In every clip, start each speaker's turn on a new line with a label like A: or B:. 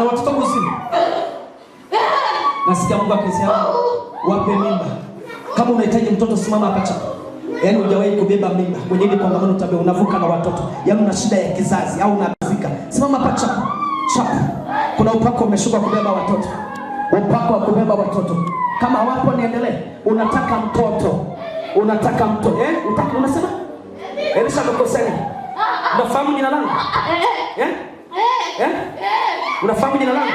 A: ana watoto mzima Nasikia Mungu akisema wape mimba. Kama unahitaji mtoto simama hapa chini. Yaani hujawahi kubeba mimba. Kwenye ile kongamano tabia unavuka na watoto. Yaani una shida ya kizazi au unazika. Simama hapa chapo. Chapo. Kuna upako umeshuka kubeba watoto. Upako wa kubeba watoto. Kama wapo niendelee. Unataka mtoto. Unataka mtoto. Eh? Unataka unasema? Elisha mkoseni. Unafahamu jina langu? Eh? Eh? Eh? Unafahamu jina langu?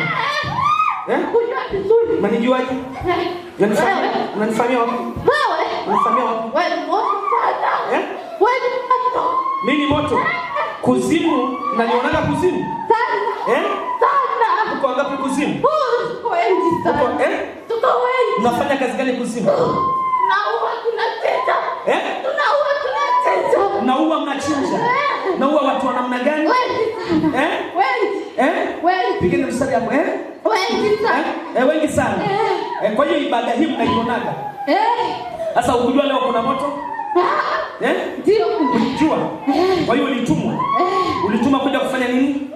A: Eh? Unanijuaje? Unanifahamu? Unanifahamu wapi? Wewe.
B: Unanifahamu wapi? Wewe ni moto Eh? Wewe
A: ni moto. Mimi ni moto. Kuzimu, unanionaga kuzimu? Eh? Uko ngapi kuzimu? Uko
B: Uko eh?
A: Tuko Unafanya kazi gani kuzimu?
B: Tunaua tunateta. Eh? Tunaua
A: naua huwa mnachinja na watu wa namna gani? Eh? Eh? Pigeni mstari hapo eh? eh? eh
B: wengi sana.
A: Eh, wengi sana. Eh, kwa hiyo ibada hii mnaionaga. Eh. Sasa ukujua leo kuna moto? Ah. Eh? Ndio. Unajua? Eh. Kwa hiyo ulitumwa. Ulitumwa kuja kufanya nini?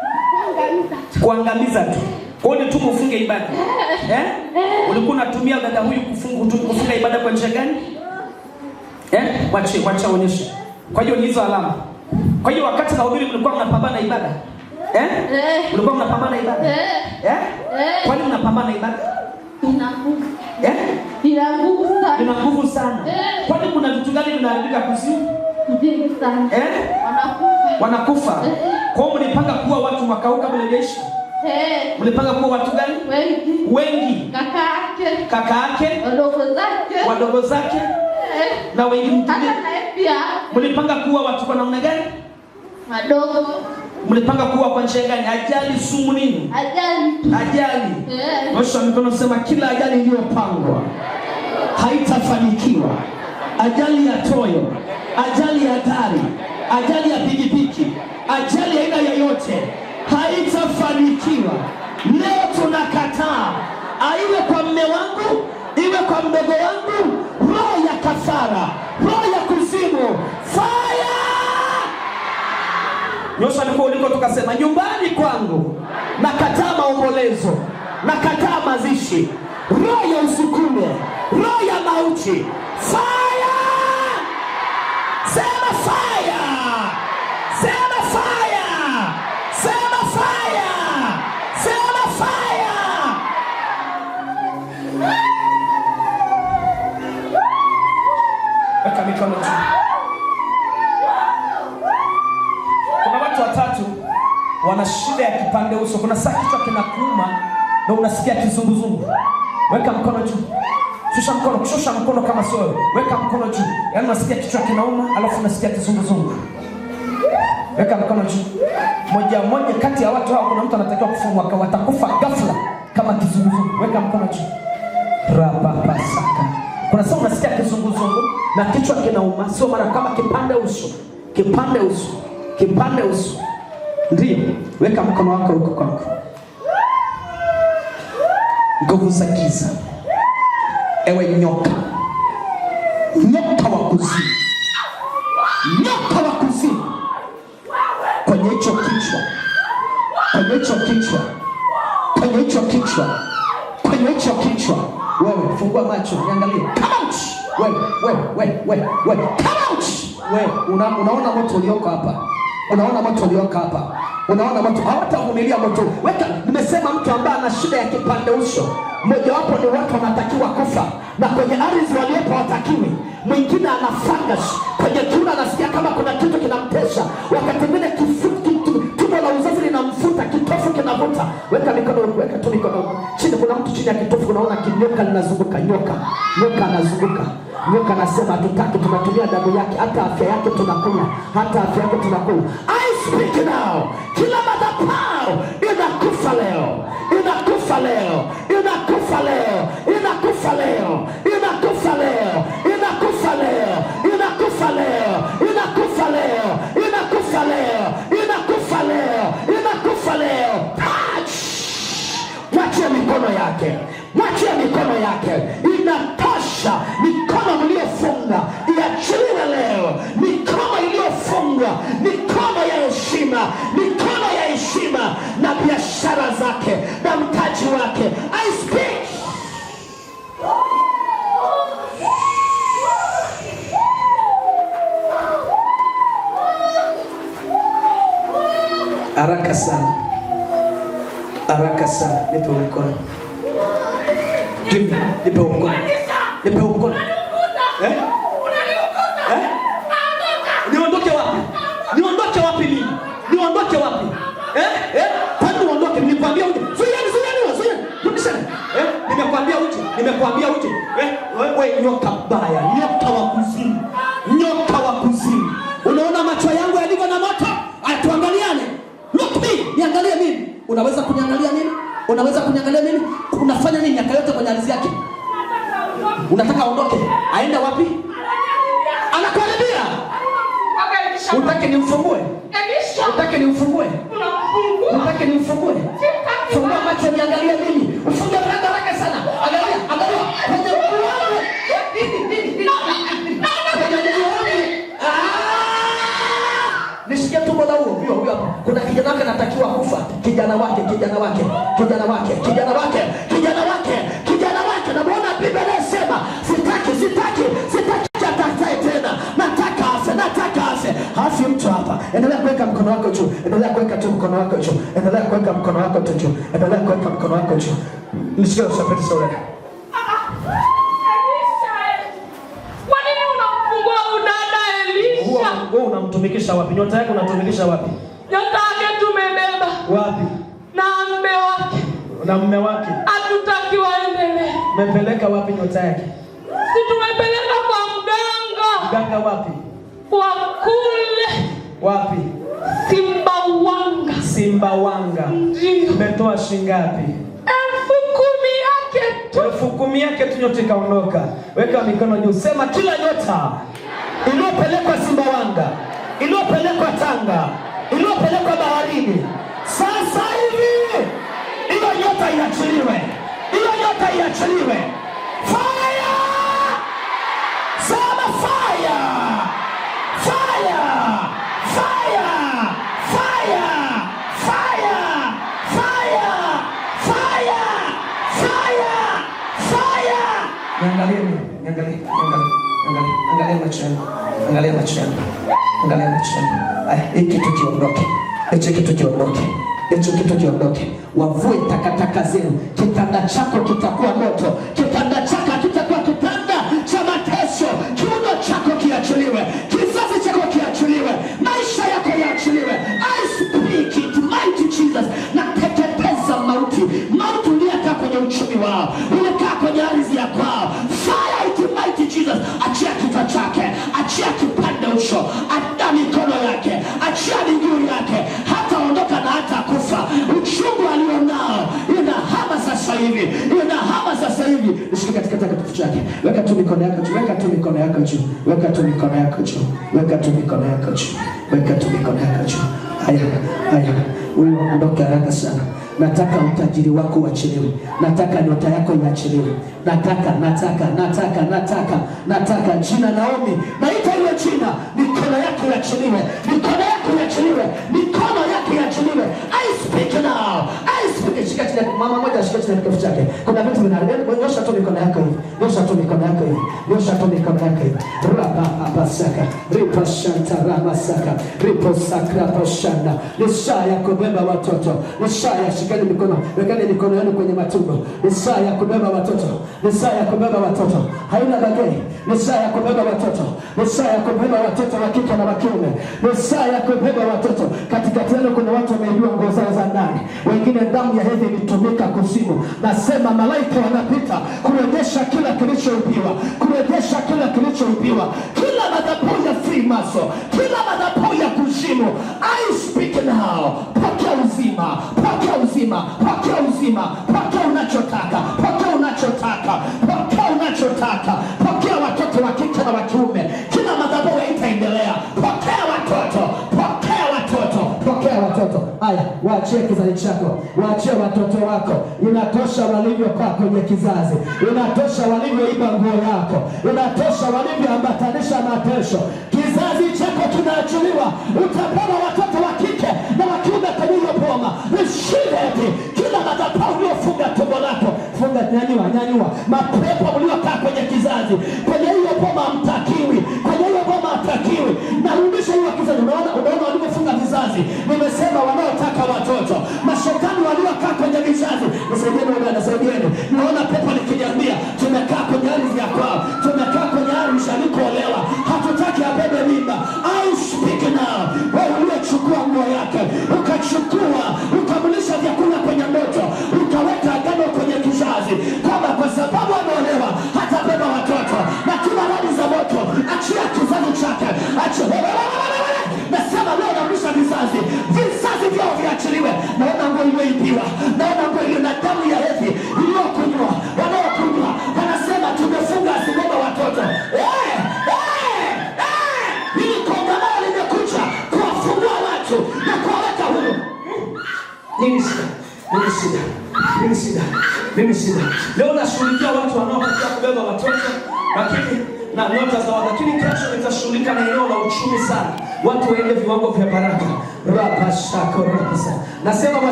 A: Kuangamiza tu. Kwa hiyo ulitumwa ufunge ibada. Eh? Ulikuwa unatumia dada huyu kufunga kufunga ibada kwa njia gani? Eh? Wache wacha onyesha. Kwa hiyo ni hizo alama. Kwa hiyo wakati nahubiri mlikuwa mnapambana ibada eh? Eh. Mlikuwa mnapambana ibada eh? Eh. Eh. Kwani mnapambana ibada?
B: Ina nguvu eh? Ina nguvu sana.
A: Ina nguvu sana. Eh. Kwani kuna vitu gani vinaandika kuzimu? Eh? Wanakufa. Wanakufa. Eh. Kwa hiyo mlipanga kuwa watu wakauka mlejesha. Hey. Eh. Mlipanga kuwa watu gani? Wengi. Wengi. Kaka yake.
B: Wadogo zake.
A: Wadogo zake. Hey. Eh. Na wengi mtume pia mlipanga kuwa watu kwa namna gani? madogo Mlipanga kuwa kwa njia gani? Ajali sumu nini? Ajali. Ajali. Yeah. mikono sema kila ajali iliyopangwa haitafanikiwa. Ajali ya toyo, ajali ya gari, ajali ya pikipiki, ajali aina yoyote haitafanikiwa. Leo tunakataa, aiwe kwa mme wangu, iwe kwa mdogo wangu, roho ya kafara, roho ya Mungu. fire. Yoshua alikuwa uliko, tukasema nyumbani kwangu nakataa maombolezo, nakataa mazishi, roho ya usukume, roho ya mauti, fire. Sema fire, sema fire, sema fire, sema fire. Weka Sema juu. una shida ya kipande uso, kuna saa kichwa kinakuuma na unasikia kizunguzungu, weka mkono juu, shusha mkono, shusha mkono kama sio, weka mkono juu. Yaani unasikia kichwa kinauma, alafu unasikia kizunguzungu, weka mkono juu. Moja moja kati ya watu hao, kuna mtu anatakiwa kufungwa, kwa watakufa ghafla kama kizunguzungu, weka mkono juu. Rababasaka, kuna saa unasikia kizunguzungu na kichwa kinauma, sio mara kama kipande uso, kipande uso, kipande uso, ndio Weka mkono wako huko kwako, nguvu za giza, ewe nyoka, nyoka wa kuzimu, nyoka wa kuzimu, kwenye hicho kichwa, kwenye hicho kichwa, kwenye hicho kichwa, kwenye hicho kichwa. Wewe fungua macho, niangalie. Come out! Wewe, wewe, wewe, wewe, wewe, come out! Wewe unaona moto ulioko hapa, unaona moto ulioko hapa unaona moto, hawatavumilia mtu Weka, nimesema mtu ambaye ana shida ya kipande uso, mojawapo ni watu wanatakiwa kufa, na kwenye ardhi waliopo watakiwi. Mwingine ana fungus kwenye kiuno, anasikia kama kuna kitu kinamtesa, wakati mwingine tumbo la uzazi linamfuta, kitofu kinavuta. Weka mikono, weka tu mikono chini. Kuna mtu chini ya kitofu, unaona kinyoka linazunguka, nyoka nyoka anazunguka nyoka anasema hatutaki, tunatumia damu yake, hata afya yake tunakunywa, hata afya yake tunakunywa speak now. Kila madhabahu inakufa leo, inakufa leo, inakufa leo, inakufa leo, inakufa leo, inakufa leo, inakufa leo, inakufa leo, inakufa leo, inakufa leo, inakufa leo. Touch, wachie mikono yake mikono ya heshima, mikono ya heshima na biashara zake na mtaji wake. I speak haraka sana, haraka sana. Nipe mkono, nipe mkono, nipe mkono eh? Amekwambia uje eh, wewe, nyota mbaya, nyota wa kuzimu, nyota wa kuzimu. Unaona macho yangu yalivyo na moto, atuangaliane. Look me, niangalie mimi. Unaweza kuniangalia mimi? Unaweza kuniangalia mimi? Unafanya nini miaka yote kwenye ardhi yake? Unataka aondoke aende wapi? Anakaribia. Unataka nimfungue? Unataka nimfungue? Unataka nimfungue? Fungua macho niangalie mimi. anatakiwa kufa, kijana wake, kijana wake, kijana wake, kijana wake, kijana wake, kijana wake. na Namwona Biblia inasema sitaki, sitaki, sitaki atakae tena, nataka afe, nataka afe. Hafi mtu hapa, endelea kuweka mkono wako juu, endelea kuweka tu mkono wako juu, endelea kuweka mkono wako tu juu, endelea kuweka mkono wako juu. Nisikie usafiri sura wewe unamtumikisha wapi? Nyota yako unatumikisha wapi? Nyota na mume wake, hatutaki waendelee. Mepeleka wapi nyota yake? Si tumepeleka kwa mganga. Mganga wapi? Kwa kule wapi? Simbawanga. Simbawanga, ndio. Umetoa shingapi? Elfu kumi yake tu. Elfu kumi yake tu, nyota ikaondoka. Weka mikono juu, sema kila nyota iliyopelekwa Simbawanga, iliyopelekwa Tanga, iliyopelekwa baharini sasa iachiliwe, hiyo nyota iachiliwe. Fire! Sema fire! Fire! Fire! Fire! Fire! Fire! Fire! Fire! Fire! Niangalie, niangalie, niangalie, niangalie, angalia macho yangu. Angalia macho yangu. Angalia macho yangu. Eh, hiki kitu kiondoke. Hiki kitu kiondoke hicho kitu kiondoke, wavue takataka zenu, kitanda chako kitakuwa moto. weka tu mikono yako juu. Haya, haya, wewe ondoke haraka sana. Nataka utajiri wako uachiliwe, nataka nyota yako iachiliwe, nataka nataka nataka nataka nataka jina Naomi, naita hiyo jina, mikono yako iachiliwe, mikono yako iachiliwe, mikono yako kiachiliwe. I speak now. I speak. Shika chini, mama moja shika chini kifu chake. Kuna vitu vinaharibika. Nyosha tu mikono yako hivi. Nyosha tu mikono yako hivi. Nyosha tu mikono yako hivi. Raba abasaka. saka. Ripa shanta raba saka. Ripo sakra pashanda. Ni ya kubeba watoto. Ni saa ya shikeni mikono. Wekeni mikono yenu kwenye matumbo. Ni ya kubeba watoto. Ni ya kubeba watoto. Haina bageni. Ni ya kubeba watoto. Ni ya kubeba watoto wa kike na wa kiume. Ni saa ya kubeba watoto katikati yenu kuna watu wameibiwa nguo zao za ndani, wengine damu ya hedhi ilitumika kuzimu. Nasema malaika wanapita kurejesha kila kilichoibiwa, kurejesha kila kilichoibiwa, kila madhabu ya frimaso, kila madhabu ya kuzimu. I speak now, pokea uzima, pokea uzima, pokea uzima, pokea unachotaka, pokea unachotaka, pokea unachotaka, pokea watoto wa kike na wa kiume, kila madhabu haitaendelea, pokea watoto ya watoto. Haya, waachie kizazi chako, waachie watoto wako. Inatosha walivyokaa kwenye kizazi, inatosha walivyoiba nguo yako, inatosha walivyoambatanisha matesho. Kizazi chako kinaachiliwa, utapona watoto wa kike na wa kiume kwenye hiyo boma. Nishideti kila madhabahu uliofunga tumbo lako, funga, nyanyua, nyanyua mapepo uliokaa kwenye kizazi, kwenye hiyo boma, mtakiwi kwenye hiyo boma, mtakiwi narudisha hiyo kizazi. Unaona, unaona wazazi, nimesema wanaotaka watoto, mashetani waliokaa kwenye vizazi, nisaidieni Bwana, nasaidieni Naona pepo likijambia tumekaa kwenye ardhi ya kwao, tumekaa kwenye ardhi alikuolewa, hatutaki abebe mimba. I speak wewe uliochukua nguo yake ukachukua ukamulisha vyakula kwenye 時は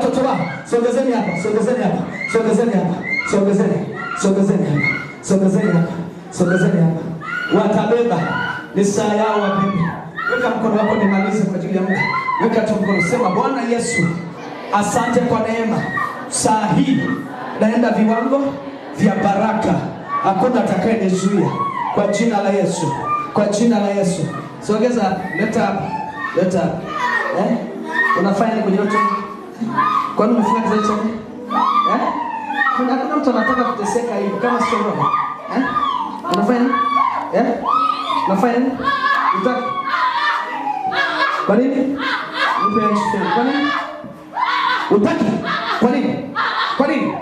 A: watoto wao. Songezeni hapa, songezeni hapa, songezeni hapa, songezeni, songezeni hapa, songezeni hapa, songezeni hapa. Watabeba, ni saa yao wabebe. Weka mkono wako nimalize kwa ajili ya Mungu. Weka tu mkono, sema Bwana Yesu, asante kwa neema. Saa hii naenda viwango vya baraka, hakuna atakayenizuia kwa jina la Yesu, kwa jina la Yesu. Songeza, leta leta Eh? Unafanya nini kwenye kwa nini unafunga kizazi chako? Eh? Kuna kuna mtu anataka kuteseka hivi kama sio roho. Eh? Unafanya nini? Eh? Unafanya nini? Unataka? Kwa nini? Nipe explanation. Kwa nini? Utaki? Kwa nini? Kwa nini?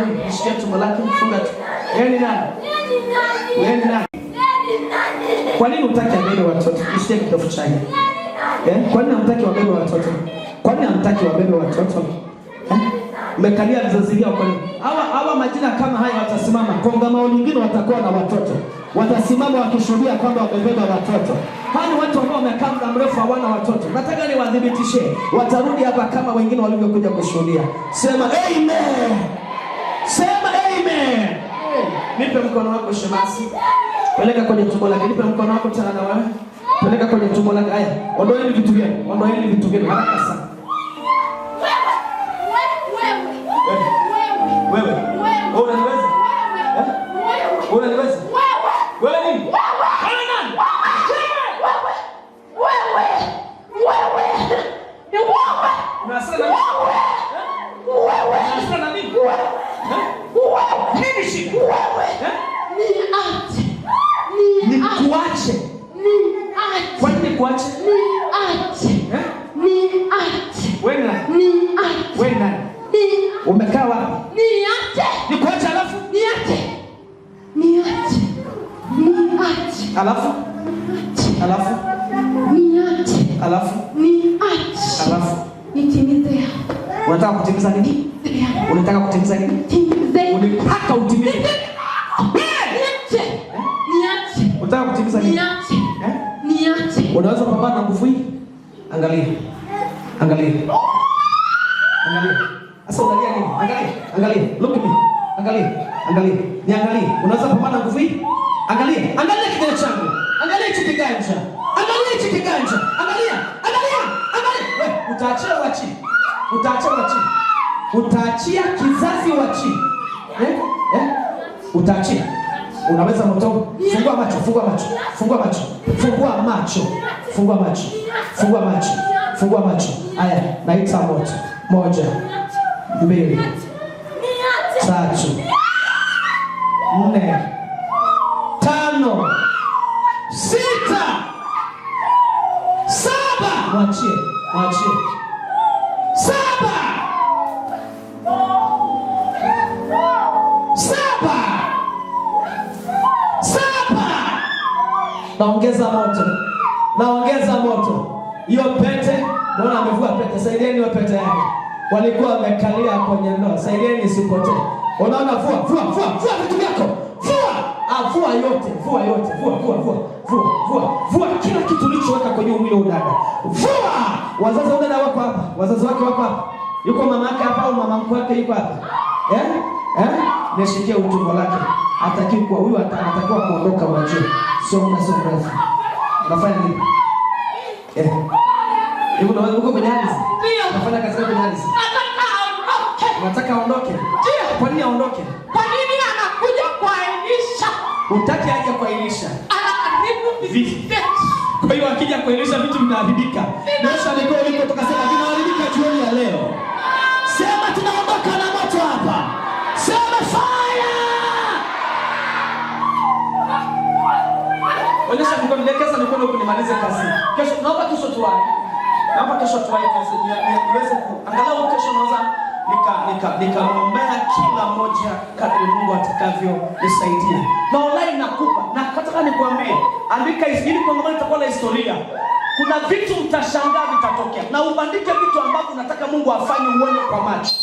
A: namna hii tumbo lake kufunga tu. Yeye ni nani? Yeye ni nani? Kwa nini hutaki abebe watoto? Usitie kidofu chake. Eh? Kwa nini hamtaki wabebe watoto? Kwa nini hamtaki wabebe watoto? Eh, mmekalia vizazi vyao kwa nini? Hawa hawa majina kama haya watasimama. Kongamano lingine watakuwa na watoto. Watasimama wakishuhudia kwamba wamebeba watoto. Hani watu ambao wamekaa muda mrefu hawana watoto. Nataka niwadhibitishie. Watarudi hapa kama wengine walivyokuja kushuhudia. Sema amen. Sema amen. Nipe mkono wako shemasi. Peleka kwenye tumbo lake. Nipe mkono wako tena na wewe. Peleka kwenye tumbo lake. Haya, ondoeni vitu vyenu. Ondoeni vitu vyenu haraka sana. wewe niache, nikuache. Kwa nini nikuache? Wewe eh? nani? Umekaa wapi? Nikuache alafu alafu alafu alafu alafu nitimize Unataka kutimiza nini? Unataka kutimiza nini? Unataka utimize Niache. Niache. Unataka kutimiza nini? Niache. Eh? Niache. Unaweza kupambana na nguvu hii? Angalia. Angalia. Angalia. Sasa unalia nini? Angalia. Angalia. Look at me. Angalia. Angalia. Niangalie. Unaweza kupambana na nguvu hii? Angalia. Angalia kidevu changu. Angalia hicho kiganja. utaachia wachi, utaachia kizazi wa chini eh? Eh? Utaachia, unaweza moto. Fungua macho, fungua macho, fungua macho, fungua macho, fungua macho, fungua macho, fungua macho. Haya, naita moto. Moja, mbili, tatu, nne naongeza moto, naongeza moto. Hiyo pete, naona amevua pete, saidieni hiyo pete yake. Walikuwa wamekalia kwenye ndoa, saidieni isipotee. Unaona, vua vua vua vua vitu vyako, vua ah, vua yote, vua yote, vua vua vua vua vua vua kila kitu ulichoweka kwenye umilo wa dada, vua. Wazazi wa na wako hapa, wazazi wake wako hapa, yuko mama yake hapa au mama mkwe wake yuko hapa eh eh, nishikie utumbo lake, atakiwa huyu, atakiwa kuondoka mwanjani songa songa, unafanya nini? Eh, hebu na wewe uko kwenye hali ndio unafanya kazi kwenye hali, unataka aondoke. Ndio, kwa nini aondoke? Kwa nini anakuja kuainisha? Utaki aje kuainisha, anaharibu vitu. Kwa hiyo akija vitu vinaharibika. yuko toka sasa, vinaharibika jioni ya leo. kwenda kunimaliza kazi. Kesho naomba kesho tuwae. Naomba kesho tuwahi kazi niweze ku angalau kesho naweza nika nika nikamwombea kila mmoja kadri Mungu atakavyo nisaidie. Na online nakupa na nataka nikwambie, andika ili kongamano litakuwa la historia. Kuna vitu utashangaa vitatokea, na ubandike vitu ambavyo nataka Mungu afanye uone kwa macho.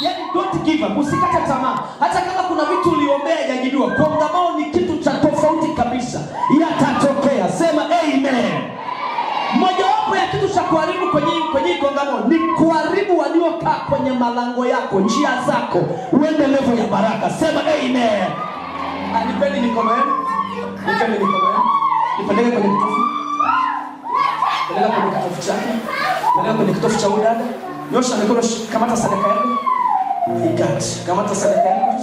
A: Yaani don't give up, usikate tamaa, hata kama kuna vitu uliombea yajibiwa. Kongamano ni kitu cha tofauti kabisa, ila cha kuharibu kwenye kwenye kongamano ni kuharibu waliokaa kwenye malango yako, njia zako, uende levo ya baraka. Sema amen. Ah, kwenye kitofu, kwenye kitofu kwenye kitofu cha udada. Nyosha mikono, kamata sadaka yako, ikat, kamata sadaka yako.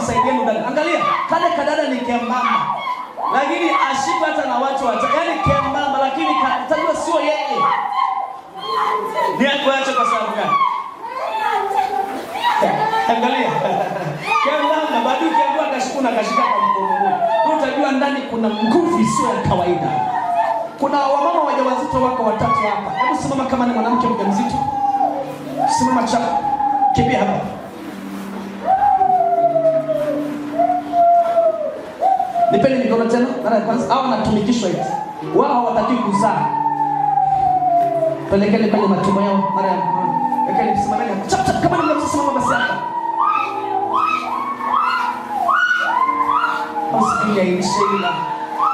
A: msaidieni dada. Angalia kale kadada ni kembamba, lakini ashiba hata na watu wata, yaani kembamba, lakini tajua sio yeye. Ni atuache kwa sababu gani? Angalia kembamba, baadaye ukiambiwa na kashika kwa mkono huu, utajua ndani kuna nguvu sio ya kawaida. Kuna wamama wajawazito wako watatu hapa, hebu simama kama ni mwanamke mjamzito, simama chapa. Kipi hapa kwanza au wanatumikishwa eti wao hawataki kuzaa. pelekele kwenye matumbo yao mara ya Ekeni kisimameni chap chap kama ndio msimamo basi hapa. basi Usikia inshila.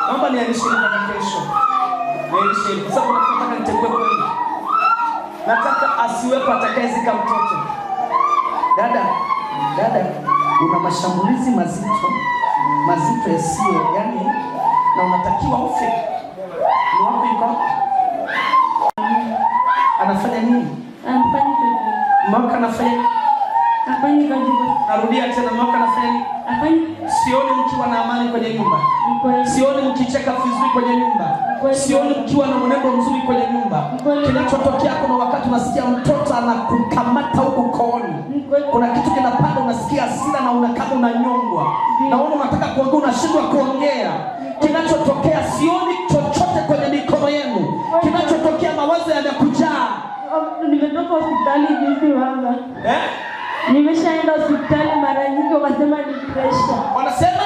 A: Naomba ni nianishe mpaka kesho. Nianishe kwa sababu nataka nitekwe kweli. Nataka asiwepo atakayezika mtoto. Dada, dada una mashambulizi mazito mazito yasiyo yani na unatakiwa ufe. Ni wapi yuko? Anafanya nini? Anafanya kazi. Mwaka anafanya. Afanya kazi. Narudia tena mwaka anafanya. nini? Afanya. Sioni mkiwa na amani kwenye nyumba. Sioni mkicheka vizuri kwenye nyumba. Sioni mkiwa na mwenendo mzuri kwenye nyumba. Kinachotokea kuna wakati unasikia mtoto anakukamata huko kooni. Kuna kitu kinapanda unasikia hasira na unakaa unanyongwa. Na wewe unataka kuongea unashindwa kuongea sioni chochote kwenye mikono yenu kinachotokea. Mawazo yamekujaa. Um, nimetoka hospitali juzi mama, eh? Nimeshaenda hospitali mara nyingi, wakasema ni pressure, wanasema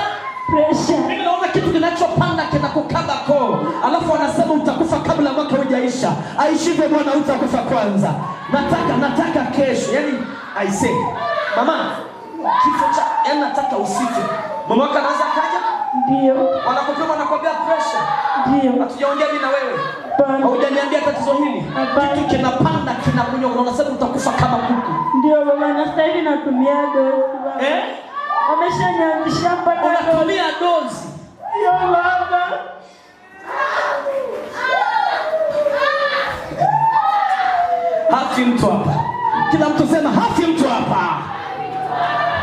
A: pressure. Mimi naona kitu kinachopanda kinakukaba koo, alafu wanasema utakufa kabla mwaka hujaisha. Aishivyo bwana, utakufa kwanza. Nataka nataka kesho, yaani say. mama, kifo cha, yaani nataka usife mama kanaanza kaja ndio. Wanakupima wanakuambia pressure. Ndio. Hatujaongea mimi na wewe. Haujaniambia tatizo hili. Kitu kinapanda kinakunyoka, unasema utakufa kama kuku. Ndio baba, na sasa hivi natumia dozi baba. Eh? Ameshaniambia mpaka unatumia dozi. Ndio baba. Hafi mtu hapa. Kila mtu sema hafi mtu hapa.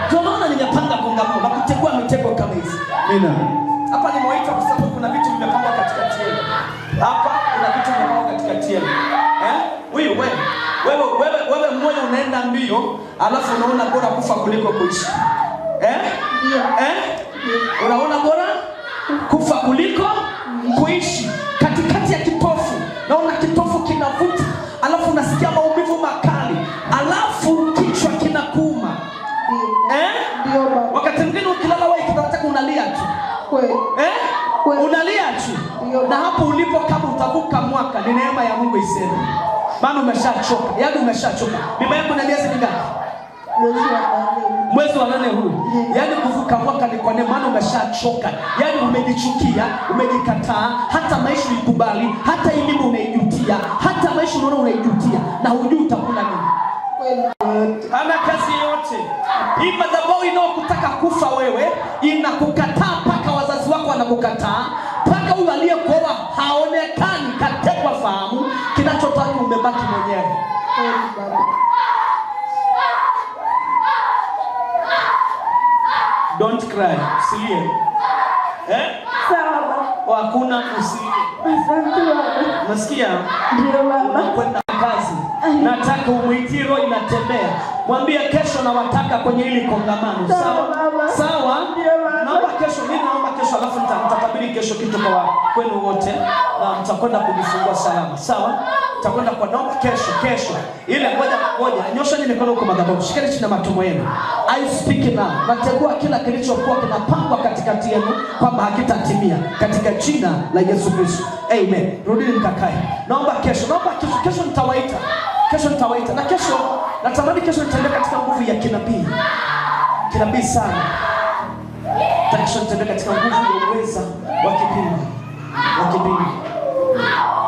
A: Tunaona ninyapanda kongamano. Amina. Hapa nimewaita kwa sababu kuna vitu vimepangwa katikati yenu. Hapa kuna vitu vimepangwa katikati yenu. Eh? Huyu wewe, wewe wewe wewe mmoja unaenda mbio, alafu unaona bora kufa kuliko kuishi. Eh? Ndio. Eh? Unaona bora na hapo ulipo, kama utavuka mwaka, ni neema ya Mungu iseme, maana umeshachoka, yaani umeshachoka. Bima yako na miezi mingapi? Mwezi wa nane huu, yaani kuvuka mwaka ni kwa neema, maana umeshachoka, yaani umejichukia, umejikataa, hata maisha ikubali, hata elimu unaijutia, hata maisha unaona unaijutia, na hujui utakula nini. Ana kazi yote ima dhabau inayokutaka kufa wewe, inakukataa mpaka wazazi wako wanakukataa mpaka huyu aliyeko Don't cry. Usilie. Eh? Sawa. Hakuna usilie. Asante baba. Nasikia? Ndio baba. Kwenda kazi. Nataka umwitie roho inatembea. Mwambie kesho nawataka kwenye hili kongamano. Sawa. Sawa. Ndio baba kesho, mimi naomba kesho, alafu nitakabili kesho kitu kwa kwenu wote, na mtakwenda kujifungua salama, sawa? Mtakwenda kwa naomba kesho, kesho ile moja moja, nyosheni mikono huko madhabahu, shikeni chini na matumo yenu. I speak now, nategua kila kilichokuwa kinapangwa katikati yenu kwamba hakitatimia katika jina la Yesu Kristo, amen. Rudini mkakae, naomba kesho, naomba kesho, kesho nitawaita, kesho nitawaita, na kesho natamani, kesho nitembea katika nguvu ya kinabii, kinabii sana Takisha tembea katika nguvu ya uweza wa kipindi wa kipindi